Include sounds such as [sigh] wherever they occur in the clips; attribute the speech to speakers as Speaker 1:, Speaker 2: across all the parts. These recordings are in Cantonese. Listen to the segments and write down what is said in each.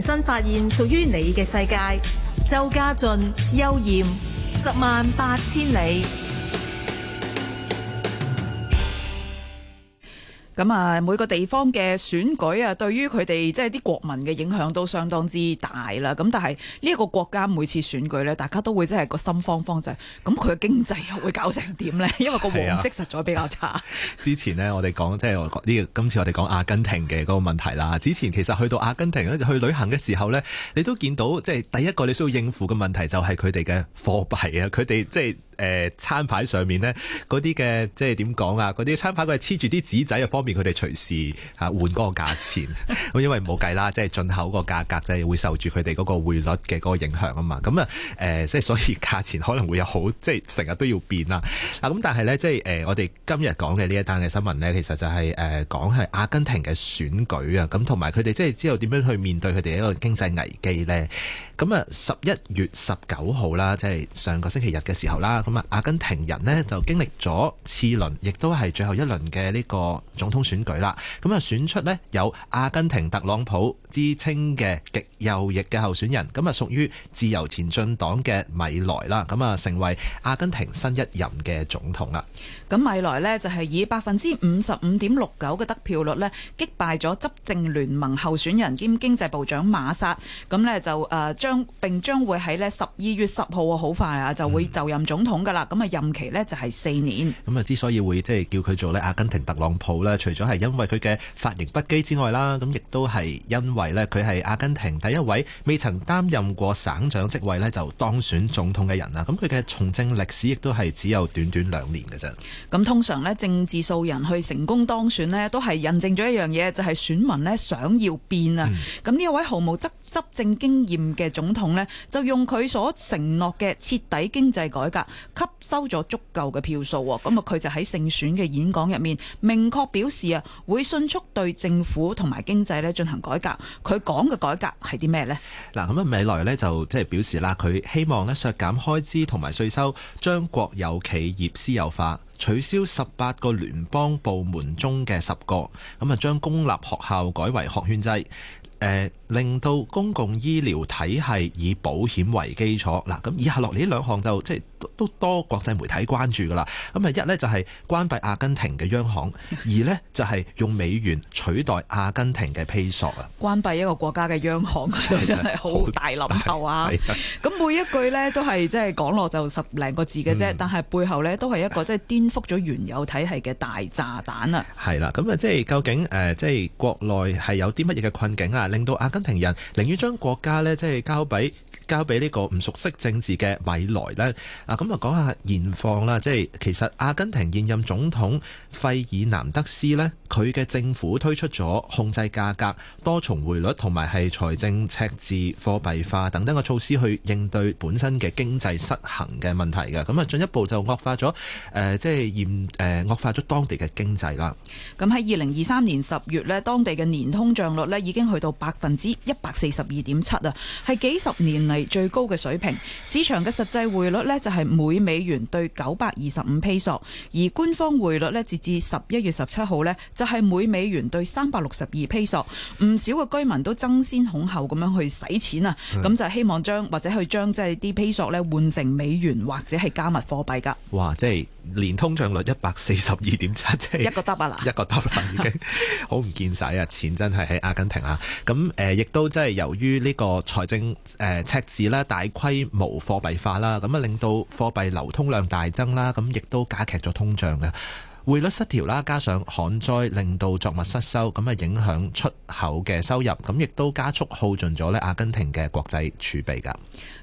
Speaker 1: 重新發現屬於你嘅世界。周家俊、邱豔，十萬八千里。咁啊，每個地方嘅選舉啊，對於佢哋即係啲國民嘅影響都相當之大啦。咁但係呢一個國家每次選舉咧，大家都會真係個心慌慌就係、噉，咁佢嘅經濟又會搞成點呢？ [laughs] 因為個黃績實在比較差、啊。
Speaker 2: 之前呢，我哋講即係呢今次我哋講阿根廷嘅嗰個問題啦。之前其實去到阿根廷去旅行嘅時候呢，你都見到即係第一個你需要應付嘅問題就係佢哋嘅貨幣啊，佢哋即係。誒、呃、餐牌上面呢嗰啲嘅即係點講啊？嗰啲餐牌佢係黐住啲紙仔啊，方便佢哋隨時嚇換嗰個價錢。咁因為冇計啦，即係進口個價格即係會受住佢哋嗰個匯率嘅嗰個影響啊嘛。咁啊誒，即、呃、係所以價錢可能會有好，即係成日都要變喇。嗱，咁但係呢，即係誒、呃、我哋今日講嘅呢一單嘅新聞呢，其實就係誒講係阿根廷嘅選舉啊。咁同埋佢哋即係之後點樣去面對佢哋一個經濟危機呢？咁啊十一月十九號啦，即係上個星期日嘅時候啦。咁啊，阿根廷人呢，就經歷咗次輪，亦都係最後一輪嘅呢個總統選舉啦。咁啊，選出呢，有阿根廷特朗普之稱嘅極右翼嘅候選人，咁啊屬於自由前進黨嘅米萊啦。咁啊，成為阿根廷新一任嘅總統啦。
Speaker 1: 咁米萊呢，就係以百分之五十五點六九嘅得票率呢擊敗咗執政聯盟候選人兼經濟部長馬薩，咁呢，就誒將並將會喺呢十二月十號好快啊就會就任總統。噶啦，咁啊任期呢就係四年。
Speaker 2: 咁啊之所以會即係叫佢做咧阿根廷特朗普呢，除咗係因為佢嘅髮型不羈之外啦，咁亦都係因為呢，佢係阿根廷第一位未曾擔任過省長職位呢，就當選總統嘅人啊。咁佢嘅從政歷史亦都係只有短短兩年嘅啫。
Speaker 1: 咁通常呢，政治素人去成功當選呢，都係印證咗一樣嘢，就係、是、選民呢想要變啊。咁呢、嗯、位毫無執執政經驗嘅總統呢，就用佢所承諾嘅徹底經濟改革。吸收咗足夠嘅票數喎，咁啊，佢就喺勝選嘅演講入面，明確表示啊，會迅速對政府同埋經濟呢進行改革。佢講嘅改革
Speaker 2: 係啲咩呢？嗱，咁啊，未來呢，就即係表示啦，佢希望呢削減開支同埋稅收，將國有企業私有化，取消十八個聯邦部門中嘅十個，咁啊，將公立學校改為學券制，誒、呃，令到公共醫療體系以保險為基礎。嗱，咁以下落嚟呢兩項就即係，就是都多國際媒體關注㗎啦，咁、嗯、啊一呢，就係關閉阿根廷嘅央行，二呢，就係用美元取代阿根廷嘅披索啊！
Speaker 1: [laughs] 關閉一個國家嘅央行，就真係好大
Speaker 2: 諗頭啊！
Speaker 1: 咁 [laughs] 每一句呢，都係即係講落就十零個字嘅啫， [laughs] 但係背後呢，都係一個即係顛覆咗原有體系嘅大炸彈啊！
Speaker 2: 係啦， [laughs] 咁啊即係究竟誒、呃、即係國內係有啲乜嘢嘅困境啊，令到阿根廷人寧願將國家呢，即係交俾交俾呢個唔熟悉政治嘅米萊咧，啊咁啊、嗯、講下現況啦，即係其實阿根廷現任總統費爾南德斯呢，佢嘅政府推出咗控制價格、多重匯率同埋係財政赤字貨幣化等等嘅措施去應對本身嘅經濟失衡嘅問題嘅，咁、嗯、啊進一步就惡化咗誒即係嚴誒惡化咗當地嘅經濟啦。
Speaker 1: 咁喺二零二三年十月呢，當地嘅年通脹率咧已經去到百分之一百四十二點七啊，係幾十年嚟最高嘅水平，市場嘅實際匯率呢，就係每美元兌九百二十五披索，而官方匯率呢，截至十一月十七號呢，就係每美元兌三百六十二披索。唔少嘅居民都爭先恐後咁樣去使錢啊，咁就的希望將或者去將即係啲披索呢換成美元或者係
Speaker 2: 加密貨幣噶。哇，即係。年通脹率一百四十二點七七，一個 dollar 啦，一個 dollar 已經好唔見曬啊！錢真係喺阿根廷啊！咁誒，亦都真係由於呢個財政誒、呃、赤字啦、大規模貨幣化啦，咁啊令到貨幣流通量大增啦，咁亦都加劇咗通脹嘅匯率失調啦，加上旱災令到作物失收，咁啊影響出口嘅收入，咁亦都加速耗盡咗咧阿根廷嘅國際儲備㗎。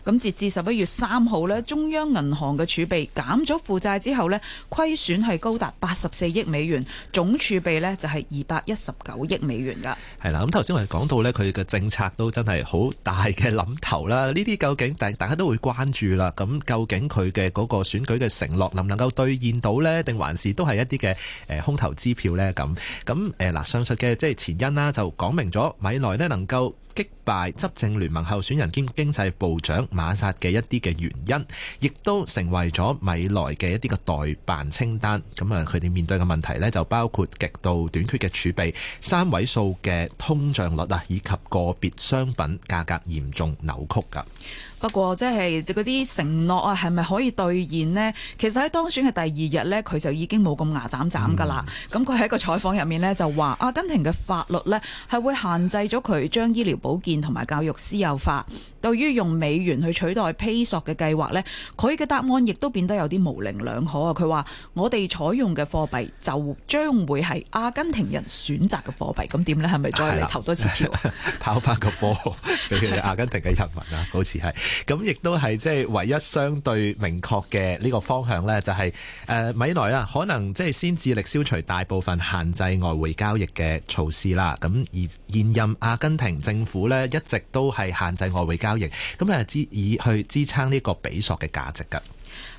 Speaker 1: 咁截至十一月三號咧，中央銀行嘅儲備減咗負債之後呢，虧損係高達八十四億美元，總儲備呢就係二百一十九億美元噶。
Speaker 2: 係啦，咁頭先我哋講到呢，佢嘅政策都真係好大嘅諗頭啦。呢啲究竟大大家都會關注啦。咁究竟佢嘅嗰個選舉嘅承諾能唔能夠兌現到呢？定還是都係一啲嘅誒空頭支票呢？咁咁誒嗱，上述嘅即係前因啦，就講明咗米萊呢能夠。擊敗執政聯盟候選人兼經濟部長馬薩嘅一啲嘅原因，亦都成為咗米萊嘅一啲嘅待辦清單。咁啊，佢哋面對嘅問題呢，就包括極度短缺嘅儲備、三位數嘅通脹率啊，以及個別商品價格嚴重扭曲㗎。
Speaker 1: 不過，即係嗰啲承諾啊，係咪可以兌現呢？其實喺當選嘅第二日呢，佢就已經冇咁牙斬斬噶啦。咁佢喺一個採訪入面呢，就話阿根廷嘅法律呢係會限制咗佢將醫療保健同埋教育私有化。對於用美元去取代披索嘅計劃呢，佢嘅答案亦都變得有啲模棱兩可啊！佢話：我哋採用嘅貨幣就將會係阿根廷人選擇嘅貨幣，咁點呢？係咪再投多次票？
Speaker 2: 拋翻 [laughs] 個波俾佢阿根廷嘅人民啊！好似係咁，亦都係即係唯一相對明確嘅呢個方向呢，就係、是、誒、呃、米內啊，可能即係先致力消除大部分限制外匯交易嘅措施啦。咁而現任阿根廷政府呢，一直都係限制外匯交交易咁啊，支以去支撐呢個比索嘅價值噶。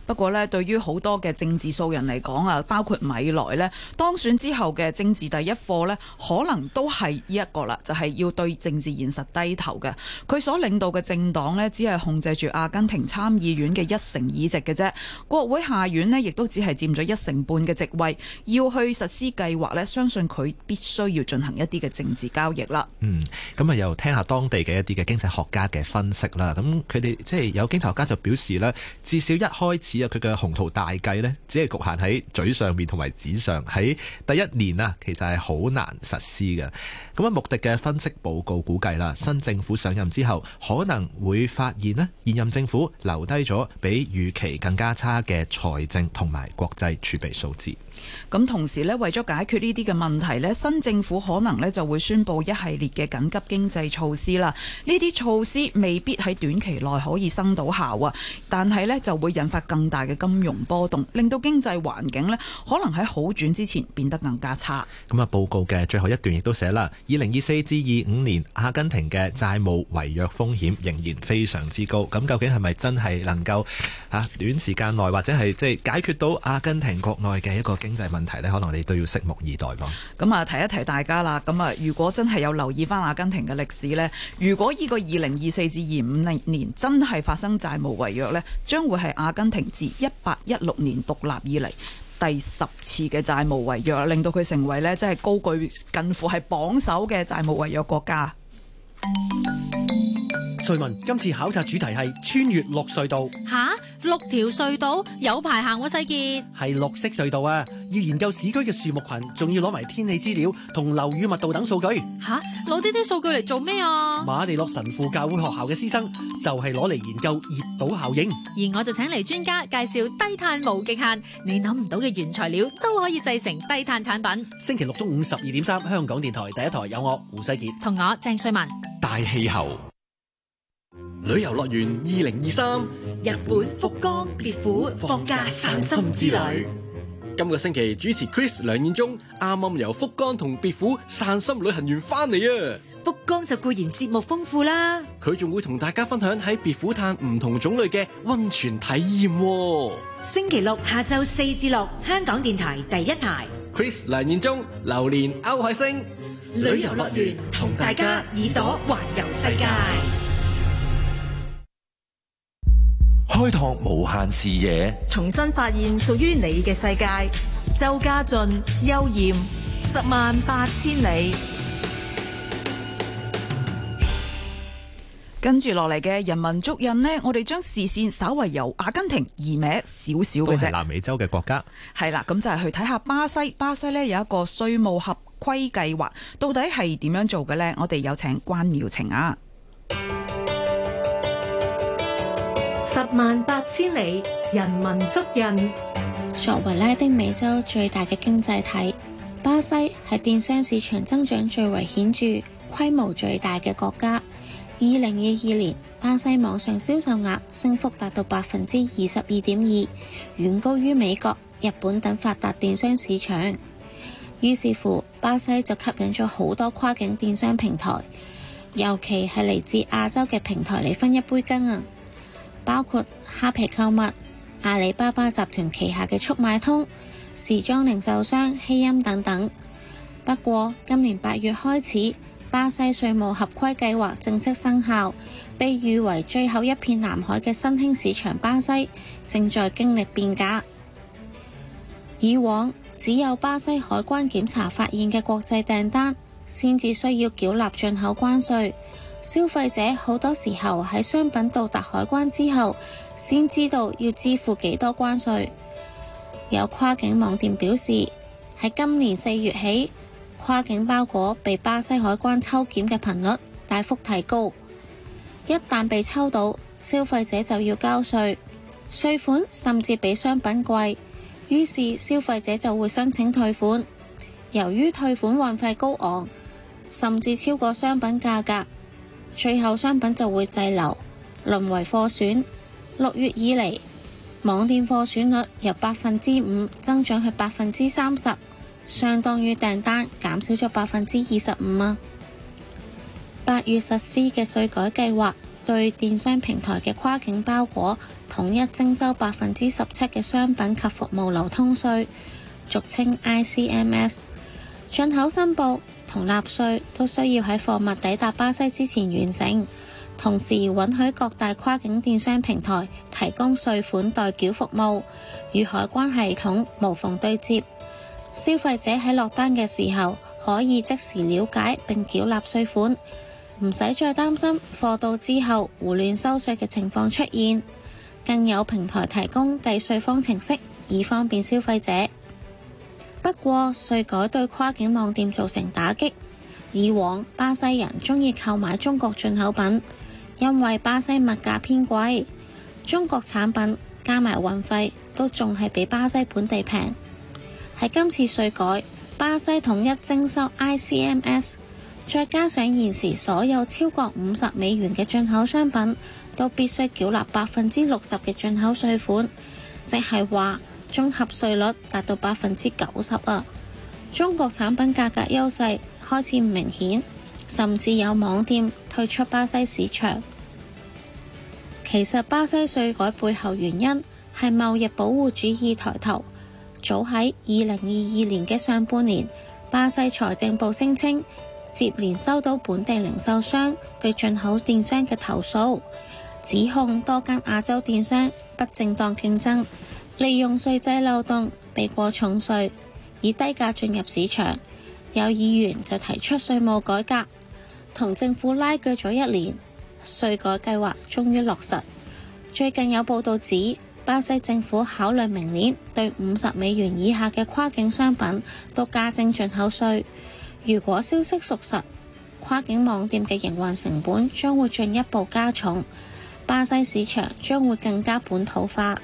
Speaker 1: 不過呢，對於好多嘅政治素人嚟講啊，包括米萊呢，當選之後嘅政治第一課呢，可能都係呢一個啦，就係要對政治現實低頭嘅。佢所領導嘅政黨呢，只係控制住阿根廷參議院嘅一成議席嘅啫，國會下院呢，亦都只係佔咗一成半嘅席位。要去實施計劃呢，相信佢必須要進行一啲嘅政治交易啦。
Speaker 2: 嗯，咁啊，又聽下當地嘅一啲嘅經濟學家嘅分析啦。咁佢哋即係有經濟學家就表示呢，至少一開始。只有佢嘅宏圖大計呢只係局限喺嘴上面同埋紙上，喺第一年啊，其實係好難實施嘅。咁啊，穆迪嘅分析報告估計啦，新政府上任之後，可能會發現呢，現任政府留低咗比預期更加差嘅財政同埋國際儲備數字。
Speaker 1: 咁同時咧，為咗解決呢啲嘅問題咧，新政府可能咧就會宣布一系列嘅緊急經濟措施啦。呢啲措施未必喺短期內可以生到效啊，但係呢就會引發更大
Speaker 2: 嘅金融波動，令到經濟環境呢可能喺好轉之前變得更加差。咁啊，報告嘅最後一段亦都寫啦，二零二四至二五年阿根廷嘅債務違約風險仍然非常之高。咁究竟係咪真係能夠吓短時間內或者係即係解決到阿根廷國內嘅一個？經濟問題咧，可能你都要拭目以待噉。
Speaker 1: 咁啊、嗯，提一提大家啦。咁啊，如果真係有留意翻阿根廷嘅歷史呢，如果呢個二零二四至二五零年真係發生債務違約呢，將會係阿根廷自一八一六年獨立以嚟第十次嘅債務違約，令到佢成為呢，即係高居近乎係榜首嘅債務違約國家。 [music]
Speaker 2: 瑞文今
Speaker 3: 次考察主題係穿越綠隧道。吓，六條隧道有排行喎，世傑。
Speaker 2: 係綠色隧道啊，要研究市區嘅樹木群，仲要攞埋天氣資料同樓宇密度等數據。
Speaker 3: 吓，攞呢啲數據嚟做咩啊？
Speaker 2: 瑪利諾神父教會學校嘅師生就係攞嚟研究熱島效應。
Speaker 3: 而我就請嚟專家介紹低碳無極限，你諗唔到嘅原材料都可以製成低碳產品。星期六
Speaker 2: 中午十二點三，香港電台第一台有我胡世傑同我鄭瑞文大氣候。旅遊樂園二零二三，日本福岡別府放假散心之旅。今個星期主持 Chris 梁燕忠，啱啱由福岡同別府散心旅行完翻嚟啊！福岡就固然節目豐富啦，佢仲會同大家分享喺別府嘆唔同種類嘅温泉體驗。
Speaker 1: 星期六下晝四至六，香港電台第一台。
Speaker 2: Chris 梁燕忠，榴蓮歐海星，旅遊樂
Speaker 3: 園同大家耳朵環遊世界。
Speaker 2: 開拓無限視野，
Speaker 1: 重新發現屬於你嘅世界。周家俊、邱艷，十萬八千里。跟住落嚟嘅人文足印呢，我哋將視線稍微由阿根廷移歪少少嘅都係南美洲嘅國家。係啦，咁就係去睇下巴西。巴西呢有一個稅務合規計劃，到底係點樣做嘅呢？我哋有請關淼晴啊。
Speaker 3: 十萬八千里，人民足印。作為拉丁美洲最大嘅經濟體，巴西係電商市場增長最為顯著、規模最大嘅國家。二零二二年，巴西網上銷售額升幅達到百分之二十二點二，遠高於美國、日本等發達電商市場。於是乎，巴西就吸引咗好多跨境電商平台，尤其係嚟自亞洲嘅平台嚟分一杯羹啊！包括 h 皮 p 購物、阿里巴巴集團旗下嘅速買通、時裝零售商希音等等。不過，今年八月開始，巴西稅務合規計劃正式生效，被譽為最後一片南海嘅新興市場巴西，正在經歷變革。以往只有巴西海關檢查發現嘅國際訂單，先至需要繳納進口關稅。消費者好多時候喺商品到達海關之後，先知道要支付幾多關稅。有跨境網店表示，喺今年四月起，跨境包裹被巴西海關抽檢嘅頻率大幅提高。一旦被抽到，消費者就要交稅，稅款甚至比商品貴，於是消費者就會申請退款。由於退款運費高昂，甚至超過商品價格。最後商品就會滯留，淪為貨損。六月以嚟，網店貨損率由百分之五增長去百分之三十，相當於訂單減少咗百分之二十五啊！八月實施嘅稅改計劃，對電商平台嘅跨境包裹統一徵收百分之十七嘅商品及服務流通稅，俗稱 ICMS。進口申報同納稅都需要喺貨物抵達巴西之前完成，同時允許各大跨境電商平台提供稅款代繳服務，與海關系統無縫對接。消費者喺落單嘅時候可以即時了解並繳納稅款，唔使再擔心貨到之後胡亂收稅嘅情況出現。更有平台提供計稅方程式，以方便消費者。不過，稅改對跨境網店造成打擊。以往巴西人鍾意購買中國進口品，因為巴西物價偏貴，中國產品加埋運費都仲係比巴西本地平。喺今次稅改，巴西統一徵收 ICMS，再加上現時所有超過五十美元嘅進口商品都必須繳納百分之六十嘅進口稅款，即係話，綜合稅率達到百分之九十啊！中國產品價格優勢開始唔明顯，甚至有網店退出巴西市場。其實巴西稅改背後原因係貿易保護主義抬頭。早喺二零二二年嘅上半年，巴西財政部聲稱接連收到本地零售商對進口電商嘅投訴，指控多間亞洲電商不正當競爭。利用稅制漏洞避過重稅，以低價進入市場。有議員就提出稅務改革，同政府拉鋸咗一年，稅改計劃終於落實。最近有報道指，巴西政府考慮明年對五十美元以下嘅跨境商品都加徵進口稅。如果消息屬實，跨境網店嘅營運成本將會進一步加重，巴西市場將會更加本土化。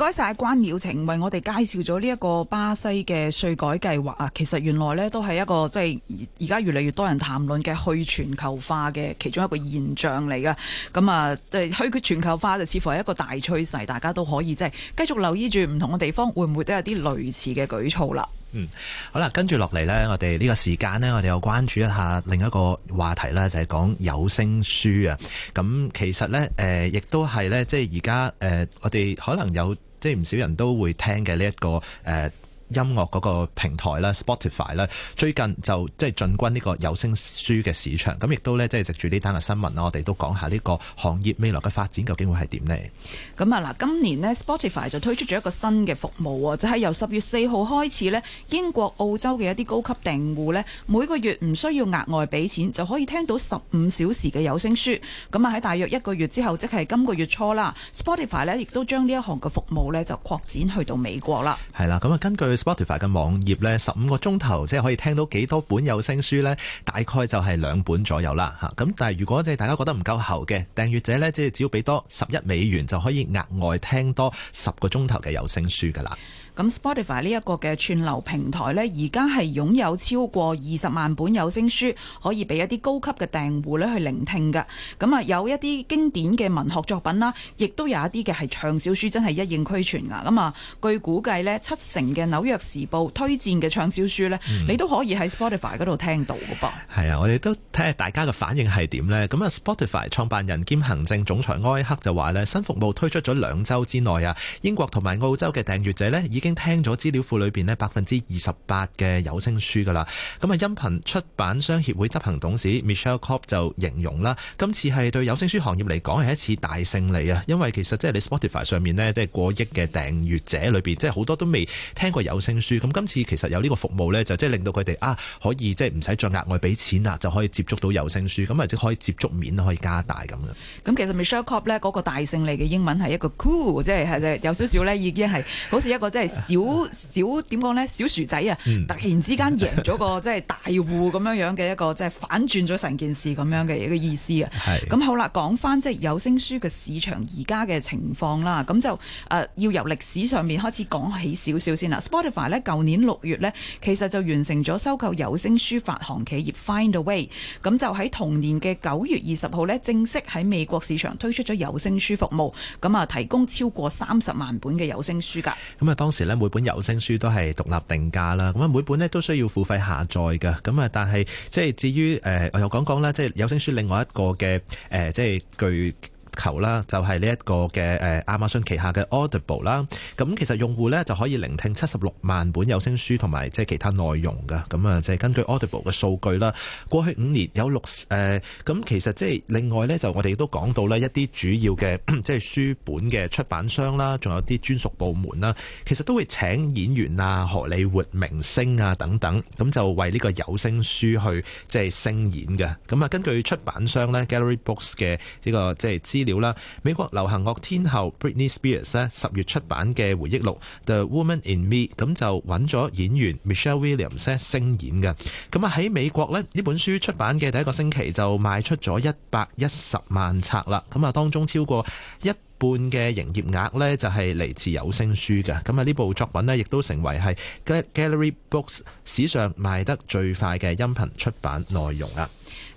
Speaker 1: 唔該晒關淼晴，為我哋介紹咗呢一個巴西嘅稅改計劃啊！其實原來呢都係一個即係而家越嚟越多人談論嘅去全球化嘅其中一個現象嚟嘅。咁、嗯、啊，去全球化就似乎係一個大趨勢，大家都可以即係繼續留意住唔同嘅地方，會唔會都有啲類似嘅舉措啦？嗯，
Speaker 2: 好啦，跟住落嚟呢，我哋呢個時間呢，我哋又關注一下另一個話題咧，就係、是、講有聲書啊。咁、嗯、其實呢，誒、呃，亦都係呢，即係而家誒，我哋可能有。即係唔少人都會聽嘅呢一個誒，呃音樂嗰個平台啦，Spotify 啦，最近就即係進軍呢個有聲書嘅市場。咁亦都咧，即係藉住呢單嘅新聞啦，我哋都講下呢個行業未來嘅發展究竟會係點咧？
Speaker 1: 咁啊，嗱，今年呢 Spotify 就推出咗一個新嘅服務就係由十月四號開始咧，英國、澳洲嘅一啲高級訂戶咧，每個月唔需要額外俾錢，就可以聽到十五小時嘅有聲書。咁啊，喺大約一個月之後，即係今個月初啦，Spotify 咧亦都將呢一行嘅服務咧就擴展去到美國啦。
Speaker 2: 係啦，咁啊，根據。Spotify 嘅網頁咧，十五個鐘頭即係可以聽到幾多本有聲書呢？大概就係兩本左右啦嚇。咁但係如果即係大家覺得唔夠喉嘅訂閱者呢，即係只要俾多十一美元就可以額外聽多十個鐘頭嘅有聲書噶啦。咁
Speaker 1: Spotify 呢一個嘅串流平台咧，而家係擁有超過二十萬本有聲書，可以俾一啲高級嘅訂戶咧去聆聽嘅。咁啊，有一啲經典嘅文學作品啦、啊，亦都有一啲嘅係暢銷書，真係一應俱全噶。咁啊，據估計咧，七成嘅紐約時報推薦嘅暢銷書咧，嗯、你都可以喺 Spotify 嗰度聽到嘅噃。
Speaker 2: 係啊，我哋都睇下大家嘅反應係點呢？咁啊，Spotify 創辦人兼行政總裁埃克就話咧，新服務推出咗兩週之內啊，英國同埋澳洲嘅訂閱者咧已經聽咗資料庫裏邊呢百分之二十八嘅有聲書噶啦，咁啊，音頻出版商協會執行董事 Michelle Cobb 就形容啦，今次係對有聲書行業嚟講係一次大勝利啊！因為其實即係你 Spotify 上面呢，即係過億嘅訂閱者裏邊，即係好多都未聽過有聲書。咁今次其實有呢個服務呢，就即係令到佢哋啊可以即係唔使再額外俾錢啦，就可以接觸到有聲書，咁啊即係可以接觸面可以加大咁樣。
Speaker 1: 咁其實 Michelle Cobb 呢嗰、那個大勝利嘅英文係一個 cool，即係係即係有少少呢，已經係好似一個即係。 [laughs] 小小點講咧，小薯仔啊，嗯、突然之間贏咗個即係大戶咁樣樣嘅一個即係 [laughs] 反轉咗成件事咁樣嘅一個意思啊。係咁是好啦，講翻即係有聲書嘅市場而家嘅情況啦。咁就誒、呃、要由歷史上面開始講起少少先啦。Spotify 咧，舊年六月咧，其實就完成咗收購有聲書發行企業 Findaway。咁就喺同年嘅九月二十號咧，正式喺美國市場推出咗有
Speaker 2: 聲書服務。咁啊，提供超過三十萬本嘅有聲書噶。咁啊，當時。每本有聲書都係獨立定價啦，咁啊每本咧都需要付費下載嘅，咁啊但係即係至於誒、呃，我又講講啦，即係有聲書另外一個嘅誒、呃，即係具求啦，就係呢一個嘅誒亞馬遜旗下嘅 Audible 啦，咁其實用戶咧就可以聆聽七十六萬本有聲書同埋即係其他內容嘅，咁啊，即係根據 Audible 嘅數據啦，過去五年有六誒，咁其實即係另外咧，就我哋都講到咧一啲主要嘅即係書本嘅出版商啦，仲有啲專屬部門啦，其實都會請演員啊、荷里活明星啊等等，咁就為呢個有聲書去即係聲演嘅，咁啊，根據出版商咧 Gallery Books 嘅呢個即係資料。啦，美國流行樂天后 Britney Spears 咧十月出版嘅回憶錄《The Woman in Me》，咁就揾咗演員 Michelle Williams 咧聲演嘅。咁啊喺美國咧呢本書出版嘅第一個星期就賣出咗一百一十萬冊啦。咁啊當中超過一半嘅營業額咧就係嚟自有聲書嘅。咁啊呢部作品咧亦都成為係 Gallery Books 史上賣得最快嘅音頻出版內容啦。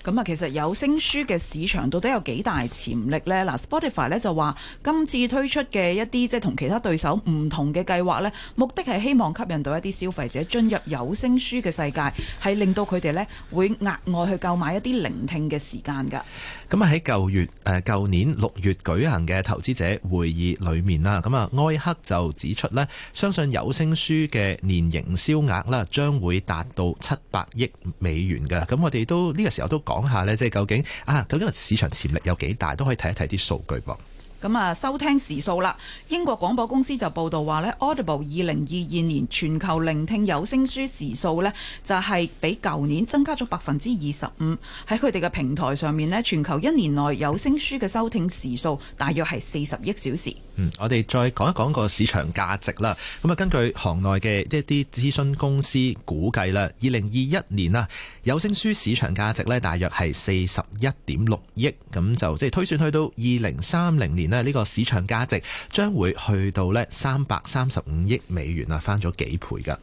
Speaker 1: 咁啊，其實有聲書嘅市場到底有幾大潛力
Speaker 2: 咧？嗱，Spotify
Speaker 1: 咧就話今次推出嘅一啲即係同其他對手唔同嘅計劃咧，目的係希望吸引到一啲消費者進入有聲書嘅世界，係令到佢哋咧會額外去購買一啲聆聽嘅時間噶。
Speaker 2: 咁啊，喺舊月誒舊年六月舉行嘅投資者會議裏面啦，咁啊，埃克就指出咧，相信有聲書嘅年營銷額啦，將會達到七百億美元嘅。咁我哋都呢個時候都講。講下咧，即係究竟啊，究竟個市場潛力有幾大，都可以睇一睇啲數據噃。
Speaker 1: 咁啊，收聽時數啦，英國廣播公司就報道話呢，Audible 二零二二年全球聆聽有聲書時數呢，就係比舊年增加咗百分之二十五。喺佢哋嘅平台上面呢，全球一年內有聲書嘅收聽時數大
Speaker 2: 約係四十億小時。嗯，我哋再講一講個市場價值啦。咁啊，根據行內嘅一啲諮詢公司估計啦，二零二一年啊，有聲書市場價值咧大約係四十一點六億，咁就即係推算去到二零三零年呢，呢個市場價值將會去到咧三百三十五億美元啊，翻咗幾倍噶。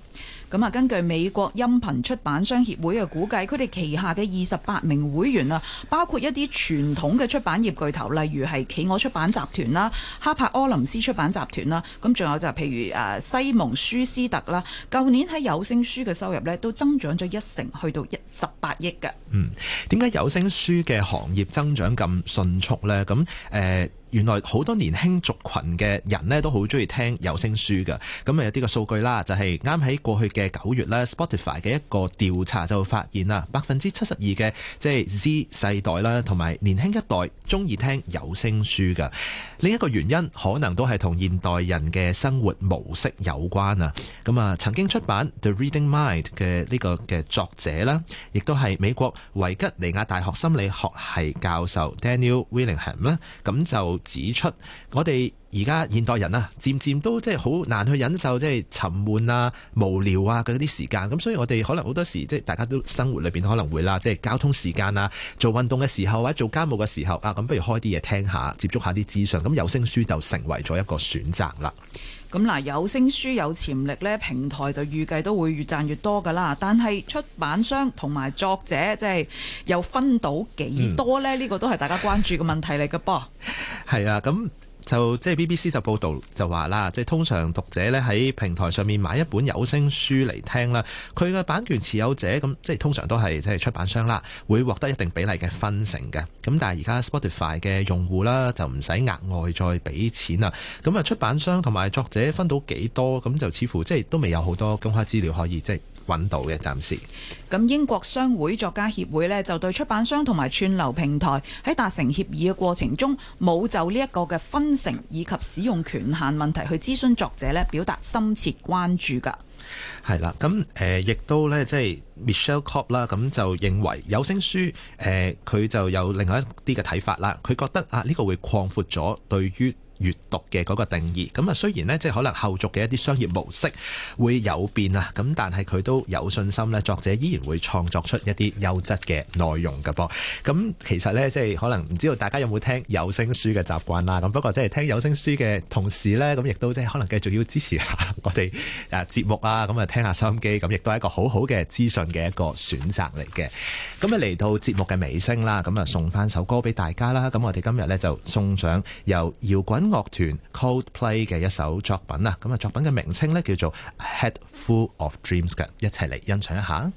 Speaker 1: 咁啊，根據美國音頻出版商協會嘅估計，佢哋旗下嘅二十八名會員啊，包括一啲傳統嘅出版業巨頭，例如係企鵝出版集團啦、哈柏柯林斯出版集團啦，咁仲有就譬如誒西蒙舒斯特啦。舊年喺有聲書嘅收入咧，都增長咗一成，去到一十八億嘅。嗯，
Speaker 2: 點解有聲書嘅行業增長咁迅速呢？咁誒？呃原來好多年輕族群嘅人呢，都好中意聽有聲書嘅。咁啊，有啲個數據啦，就係啱喺過去嘅九月咧，Spotify 嘅一個調查就發現啦，百分之七十二嘅即係 Z 世代啦，同埋年輕一代中意聽有聲書嘅。另一個原因，可能都係同現代人嘅生活模式有關啊。咁啊，曾經出版《The Reading Mind》嘅呢個嘅作者啦，亦都係美國維吉尼亞大學心理學系教授 Daniel Willingham 啦。咁就，指出，我哋而家現代人啊，漸漸都即係好難去忍受即係沉悶啊、無聊啊嗰啲時間，咁所以我哋可能好多時即係大家都生活裏邊可能會啦，即係交通時間啊、做運動嘅時候或者做家務嘅時候啊，咁不如開啲嘢聽下，接觸下啲資訊，咁有聲書就成為咗一個選擇啦。
Speaker 1: 咁嗱，有聲書有潛力咧，平台就預計都會越賺越多㗎喇。但係出版商同埋作者即係又分到幾多呢？呢個都係大家關注嘅問題嚟㗎噃。
Speaker 2: 係啊，咁。就即係、就是、BBC 就報道就話啦，即、就、係、是、通常讀者咧喺平台上面買一本有聲書嚟聽啦，佢嘅版權持有者咁即係通常都係即係出版商啦，會獲得一定比例嘅分成嘅。咁但係而家 Spotify 嘅用戶啦，就唔使額外再俾錢啦。咁啊，出版商同埋作者分到幾多？咁就似乎即係都未有好多公開資料可以即、就是搵到嘅。暫時，咁英國商會作家協
Speaker 1: 會咧就對出版商同埋串流平台喺達成協議嘅過程中，冇就呢一個嘅分成以及使用權限問題去諮詢作者呢，表達深切關注
Speaker 2: 㗎。係啦，咁誒亦都呢，即係 Michelle Cobb 啦，咁就認為有聲書誒佢、呃、就有另外一啲嘅睇法啦。佢覺得啊，呢個會擴闊咗對於。閱讀嘅嗰個定義，咁啊雖然呢，即係可能後續嘅一啲商業模式會有變啊，咁但係佢都有信心呢，作者依然會創作出一啲優質嘅內容㗎噃。咁其實呢，即係可能唔知道大家有冇聽有聲書嘅習慣啦。咁不過即係聽有聲書嘅同時呢，咁亦都即係可能繼續要支持下我哋啊節目啊，咁啊聽下收音機，咁亦都係一個好好嘅資訊嘅一個選擇嚟嘅。咁啊嚟到節目嘅尾聲啦，咁啊送翻首歌俾大家啦。咁我哋今日呢，就送上由搖滾。樂團 Coldplay 嘅一首作品啊，咁啊作品嘅名稱咧叫做《Head Full of Dreams》嘅，一齊嚟欣賞一下。